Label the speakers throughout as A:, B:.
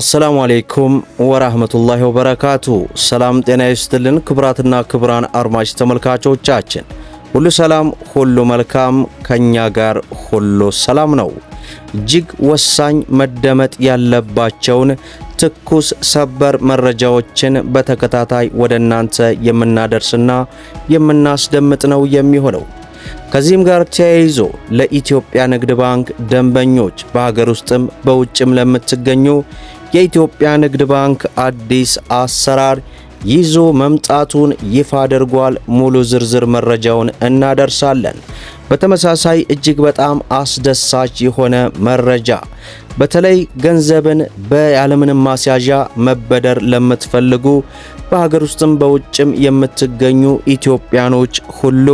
A: አሰላሙ አሌይኩም ወራህመቱላሂ ወበረካቱ። ሰላም ጤና ይስጥልን ክብራትና ክብራን አድማጭ ተመልካቾቻችን ሁሉ ሰላም ሁሉ መልካም፣ ከኛ ጋር ሁሉ ሰላም ነው። እጅግ ወሳኝ መደመጥ ያለባቸውን ትኩስ ሰበር መረጃዎችን በተከታታይ ወደ እናንተ የምናደርስና የምናስደምጥ ነው የሚሆነው። ከዚህም ጋር ተያይዞ ለኢትዮጵያ ንግድ ባንክ ደንበኞች በሀገር ውስጥም በውጭም ለምትገኙ የኢትዮጵያ ንግድ ባንክ አዲስ አሰራር ይዞ መምጣቱን ይፋ አድርጓል። ሙሉ ዝርዝር መረጃውን እናደርሳለን። በተመሳሳይ እጅግ በጣም አስደሳች የሆነ መረጃ በተለይ ገንዘብን በያለምንም ማስያዣ መበደር ለምትፈልጉ በሀገር ውስጥም በውጭም የምትገኙ ኢትዮጵያኖች ሁሉ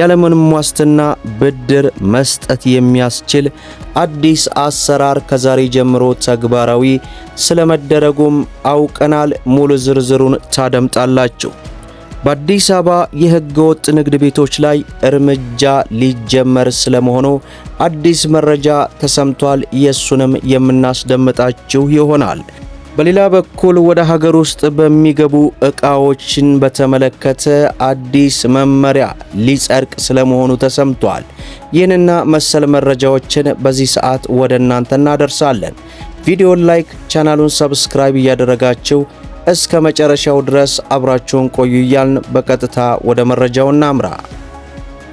A: ያለምንም ዋስትና ብድር መስጠት የሚያስችል አዲስ አሰራር ከዛሬ ጀምሮ ተግባራዊ ስለመደረጉም አውቀናል። ሙሉ ዝርዝሩን ታደምጣላችሁ። በአዲስ አበባ የሕገ ወጥ ንግድ ቤቶች ላይ እርምጃ ሊጀመር ስለመሆኑ አዲስ መረጃ ተሰምቷል። የሱንም የምናስደምጣችሁ ይሆናል። በሌላ በኩል ወደ ሀገር ውስጥ በሚገቡ ዕቃዎችን በተመለከተ አዲስ መመሪያ ሊጸድቅ ስለመሆኑ ተሰምቷል። ይህንና መሰል መረጃዎችን በዚህ ሰዓት ወደ እናንተ እናደርሳለን። ቪዲዮን ላይክ፣ ቻናሉን ሰብስክራይብ እያደረጋችሁ እስከ መጨረሻው ድረስ አብራችሁን ቆዩ እያልን በቀጥታ ወደ መረጃው እናምራ።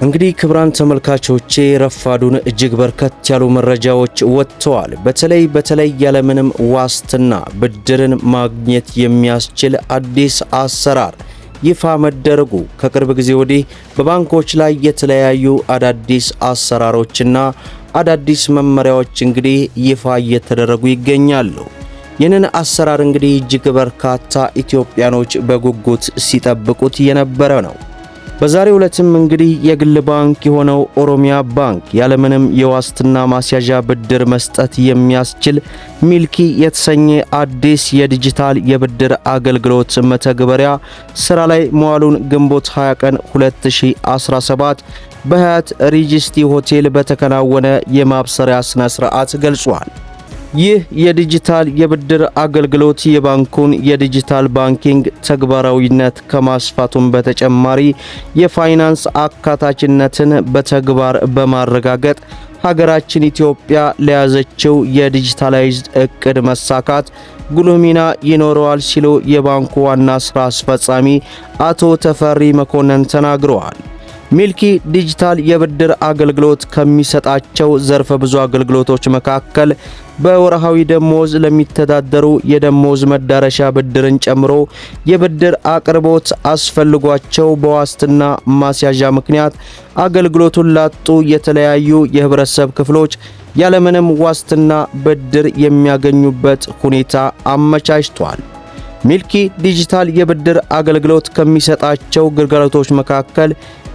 A: እንግዲህ ክብራን ተመልካቾቼ ረፋዱን እጅግ በርከት ያሉ መረጃዎች ወጥተዋል። በተለይ በተለይ ያለምንም ዋስትና ብድርን ማግኘት የሚያስችል አዲስ አሰራር ይፋ መደረጉ ከቅርብ ጊዜ ወዲህ በባንኮች ላይ የተለያዩ አዳዲስ አሰራሮችና አዳዲስ መመሪያዎች እንግዲህ ይፋ እየተደረጉ ይገኛሉ። ይህንን አሰራር እንግዲህ እጅግ በርካታ ኢትዮጵያኖች በጉጉት ሲጠብቁት የነበረ ነው። በዛሬ ዕለትም እንግዲህ የግል ባንክ የሆነው ኦሮሚያ ባንክ ያለምንም የዋስትና ማስያዣ ብድር መስጠት የሚያስችል ሚልኪ የተሰኘ አዲስ የዲጂታል የብድር አገልግሎት መተግበሪያ ስራ ላይ መዋሉን ግንቦት 20 ቀን 2017 በሀያት ሪጅስቲ ሆቴል በተከናወነ የማብሰሪያ ስነ ስርዓት ገልጿል። ይህ የዲጂታል የብድር አገልግሎት የባንኩን የዲጂታል ባንኪንግ ተግባራዊነት ከማስፋቱን በተጨማሪ የፋይናንስ አካታችነትን በተግባር በማረጋገጥ ሀገራችን ኢትዮጵያ ለያዘችው የዲጂታላይዝድ እቅድ መሳካት ጉልህ ሚና ይኖረዋል ሲሉ የባንኩ ዋና ስራ አስፈጻሚ አቶ ተፈሪ መኮንን ተናግረዋል። ሚልኪ ዲጂታል የብድር አገልግሎት ከሚሰጣቸው ዘርፈ ብዙ አገልግሎቶች መካከል በወርሃዊ ደሞዝ ለሚተዳደሩ የደሞዝ መዳረሻ ብድርን ጨምሮ የብድር አቅርቦት አስፈልጓቸው በዋስትና ማስያዣ ምክንያት አገልግሎቱን ላጡ የተለያዩ የህብረተሰብ ክፍሎች ያለምንም ዋስትና ብድር የሚያገኙበት ሁኔታ አመቻችቷል። ሚልኪ ዲጂታል የብድር አገልግሎት ከሚሰጣቸው ግልጋሎቶች መካከል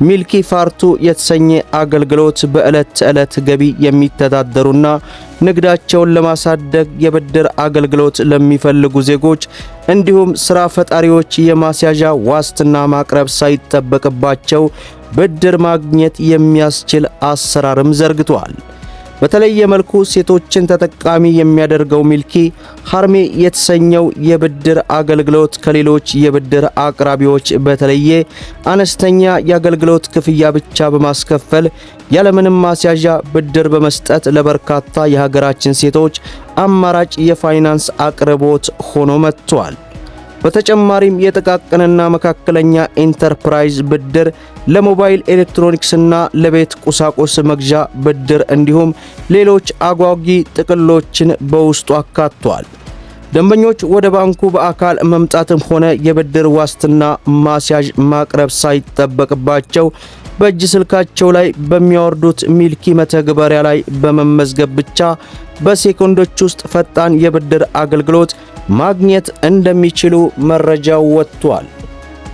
A: ሚልኪ ፋርቱ የተሰኘ አገልግሎት በዕለት ተዕለት ገቢ የሚተዳደሩና ንግዳቸውን ለማሳደግ የብድር አገልግሎት ለሚፈልጉ ዜጎች እንዲሁም ሥራ ፈጣሪዎች የማስያዣ ዋስትና ማቅረብ ሳይጠበቅባቸው ብድር ማግኘት የሚያስችል አሰራርም ዘርግቷል። በተለየ መልኩ ሴቶችን ተጠቃሚ የሚያደርገው ሚልኪ ሀርሜ የተሰኘው የብድር አገልግሎት ከሌሎች የብድር አቅራቢዎች በተለየ አነስተኛ የአገልግሎት ክፍያ ብቻ በማስከፈል ያለምንም ማስያዣ ብድር በመስጠት ለበርካታ የሀገራችን ሴቶች አማራጭ የፋይናንስ አቅርቦት ሆኖ መጥቷል። በተጨማሪም የጥቃቅንና መካከለኛ ኢንተርፕራይዝ ብድር፣ ለሞባይል ኤሌክትሮኒክስና ለቤት ቁሳቁስ መግዣ ብድር እንዲሁም ሌሎች አጓጊ ጥቅሎችን በውስጡ አካቷል። ደንበኞች ወደ ባንኩ በአካል መምጣትም ሆነ የብድር ዋስትና ማስያዥ ማቅረብ ሳይጠበቅባቸው በእጅ ስልካቸው ላይ በሚያወርዱት ሚልኪ መተግበሪያ ላይ በመመዝገብ ብቻ በሴኮንዶች ውስጥ ፈጣን የብድር አገልግሎት ማግኘት እንደሚችሉ መረጃው ወጥቷል።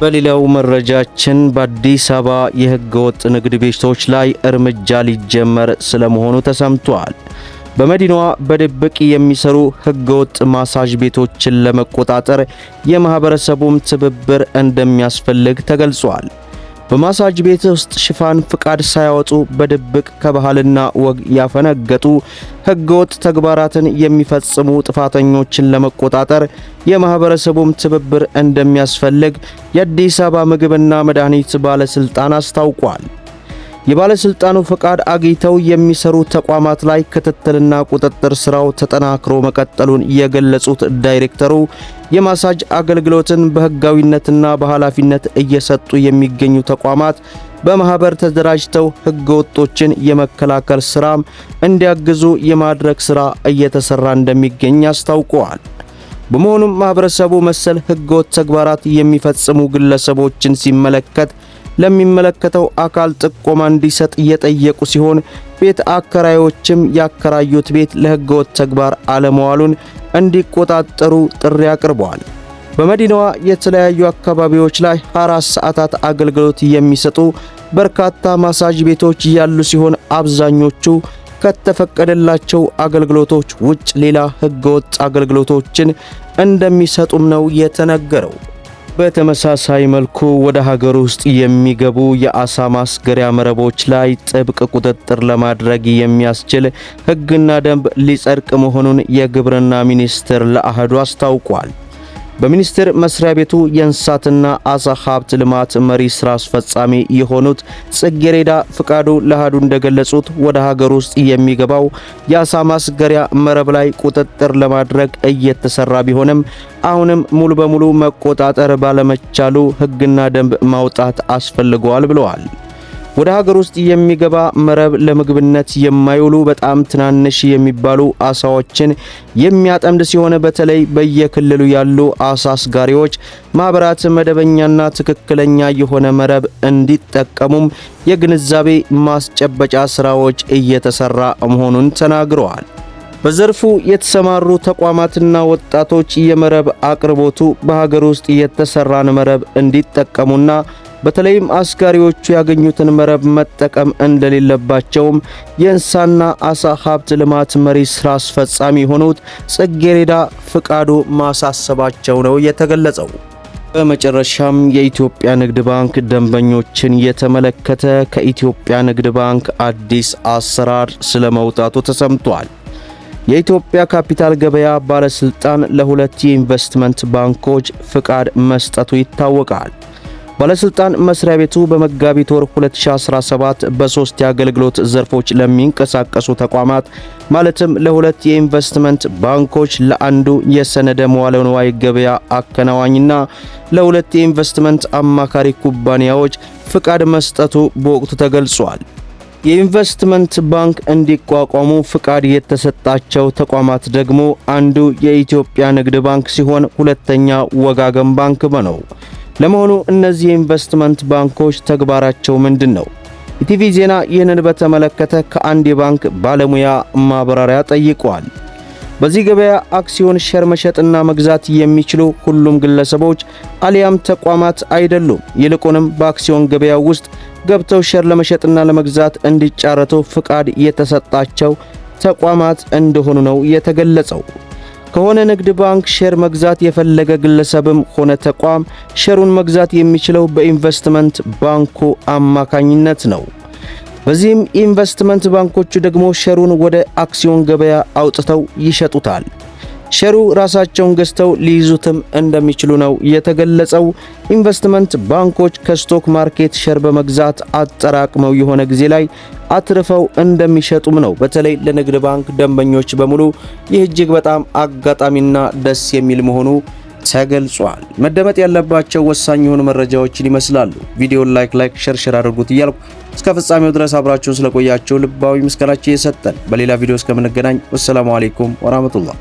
A: በሌላው መረጃችን በአዲስ አበባ የህገወጥ ንግድ ቤቶች ላይ እርምጃ ሊጀመር ስለመሆኑ ተሰምቷል። በመዲናዋ በድብቅ የሚሰሩ ህገወጥ ማሳጅ ቤቶችን ለመቆጣጠር የማህበረሰቡም ትብብር እንደሚያስፈልግ ተገልጿል። በማሳጅ ቤት ውስጥ ሽፋን ፍቃድ ሳያወጡ በድብቅ ከባህልና ወግ ያፈነገጡ ህገወጥ ተግባራትን የሚፈጽሙ ጥፋተኞችን ለመቆጣጠር የማህበረሰቡም ትብብር እንደሚያስፈልግ የአዲስ አበባ ምግብና መድኃኒት ባለስልጣን አስታውቋል። የባለስልጣኑ ፈቃድ አግኝተው የሚሰሩ ተቋማት ላይ ክትትልና ቁጥጥር ስራው ተጠናክሮ መቀጠሉን የገለጹት ዳይሬክተሩ የማሳጅ አገልግሎትን በህጋዊነትና በኃላፊነት እየሰጡ የሚገኙ ተቋማት በማህበር ተደራጅተው ህገ ወጦችን የመከላከል ስራም እንዲያግዙ የማድረግ ስራ እየተሰራ እንደሚገኝ አስታውቀዋል። በመሆኑም ማህበረሰቡ መሰል ህገወጥ ተግባራት የሚፈጽሙ ግለሰቦችን ሲመለከት ለሚመለከተው አካል ጥቆማ እንዲሰጥ እየጠየቁ ሲሆን ቤት አከራዮችም ያከራዩት ቤት ለሕገወጥ ተግባር አለመዋሉን እንዲቆጣጠሩ ጥሪ አቅርበዋል። በመዲናዋ የተለያዩ አካባቢዎች ላይ 24 ሰዓታት አገልግሎት የሚሰጡ በርካታ ማሳጅ ቤቶች ያሉ ሲሆን አብዛኞቹ ከተፈቀደላቸው አገልግሎቶች ውጭ ሌላ ሕገወጥ አገልግሎቶችን እንደሚሰጡም ነው የተነገረው። በተመሳሳይ መልኩ ወደ ሀገር ውስጥ የሚገቡ የአሳ ማስገሪያ መረቦች ላይ ጥብቅ ቁጥጥር ለማድረግ የሚያስችል ሕግና ደንብ ሊጸድቅ መሆኑን የግብርና ሚኒስቴር ለአህዱ አስታውቋል። በሚኒስቴር መስሪያ ቤቱ የእንስሳትና አሳ ሀብት ልማት መሪ ስራ አስፈጻሚ የሆኑት ጽጌሬዳ ፍቃዱ ለሃዱ እንደገለጹት ወደ ሀገር ውስጥ የሚገባው የአሳ ማስገሪያ መረብ ላይ ቁጥጥር ለማድረግ እየተሰራ ቢሆንም አሁንም ሙሉ በሙሉ መቆጣጠር ባለመቻሉ ህግና ደንብ ማውጣት አስፈልገዋል ብለዋል። ወደ ሀገር ውስጥ የሚገባ መረብ ለምግብነት የማይውሉ በጣም ትናንሽ የሚባሉ አሳዎችን የሚያጠምድ ሲሆን በተለይ በየክልሉ ያሉ አሳ አስጋሪዎች ማህበራት መደበኛና ትክክለኛ የሆነ መረብ እንዲጠቀሙም የግንዛቤ ማስጨበጫ ስራዎች እየተሰራ መሆኑን ተናግረዋል። በዘርፉ የተሰማሩ ተቋማትና ወጣቶች የመረብ አቅርቦቱ በሀገር ውስጥ የተሰራን መረብ እንዲጠቀሙና በተለይም አስጋሪዎቹ ያገኙትን መረብ መጠቀም እንደሌለባቸውም የእንስሳና አሳ ሀብት ልማት መሪ ስራ አስፈጻሚ የሆኑት ጽጌሬዳ ፍቃዱ ማሳሰባቸው ነው የተገለጸው። በመጨረሻም የኢትዮጵያ ንግድ ባንክ ደንበኞችን የተመለከተ ከኢትዮጵያ ንግድ ባንክ አዲስ አሰራር ስለመውጣቱ ተሰምቷል። የኢትዮጵያ ካፒታል ገበያ ባለስልጣን ለሁለት የኢንቨስትመንት ባንኮች ፍቃድ መስጠቱ ይታወቃል። ባለስልጣን መስሪያ ቤቱ በመጋቢት ወር 2017 በሶስት የአገልግሎት ዘርፎች ለሚንቀሳቀሱ ተቋማት ማለትም ለሁለት የኢንቨስትመንት ባንኮች፣ ለአንዱ የሰነደ መዋለ ንዋይ ገበያ አከናዋኝና ለሁለት የኢንቨስትመንት አማካሪ ኩባንያዎች ፍቃድ መስጠቱ በወቅቱ ተገልጿል። የኢንቨስትመንት ባንክ እንዲቋቋሙ ፍቃድ የተሰጣቸው ተቋማት ደግሞ አንዱ የኢትዮጵያ ንግድ ባንክ ሲሆን ሁለተኛ ወጋገን ባንክ ነው። ለመሆኑ እነዚህ የኢንቨስትመንት ባንኮች ተግባራቸው ምንድን ነው? ኢቲቪ ዜና ይህንን በተመለከተ ከአንድ የባንክ ባለሙያ ማብራሪያ ጠይቋል። በዚህ ገበያ አክሲዮን፣ ሼር መሸጥና መግዛት የሚችሉ ሁሉም ግለሰቦች አሊያም ተቋማት አይደሉም። ይልቁንም በአክሲዮን ገበያ ውስጥ ገብተው ሸር ለመሸጥና ለመግዛት እንዲጫረቱ ፍቃድ የተሰጣቸው ተቋማት እንደሆኑ ነው የተገለጸው። ከሆነ ንግድ ባንክ ሼር መግዛት የፈለገ ግለሰብም ሆነ ተቋም ሼሩን መግዛት የሚችለው በኢንቨስትመንት ባንኩ አማካኝነት ነው። በዚህም ኢንቨስትመንት ባንኮቹ ደግሞ ሼሩን ወደ አክሲዮን ገበያ አውጥተው ይሸጡታል። ሸሩ ራሳቸውን ገዝተው ሊይዙትም እንደሚችሉ ነው የተገለጸው። ኢንቨስትመንት ባንኮች ከስቶክ ማርኬት ሼር በመግዛት አጠራቅመው የሆነ ጊዜ ላይ አትርፈው እንደሚሸጡም ነው። በተለይ ለንግድ ባንክ ደንበኞች በሙሉ ይህ እጅግ በጣም አጋጣሚና ደስ የሚል መሆኑ ተገልጿል። መደመጥ ያለባቸው ወሳኝ የሆኑ መረጃዎችን ይመስላሉ። ቪዲዮን ላይክ ላይክ ሸር ሸር አድርጉት እያልኩ እስከ ፍጻሜው ድረስ አብራችሁን ስለቆያችሁ ልባዊ ምስጋናችን የሰጠን። በሌላ ቪዲዮ እስከምንገናኝ ወሰላሙ አሌይኩም ወራህመቱላህ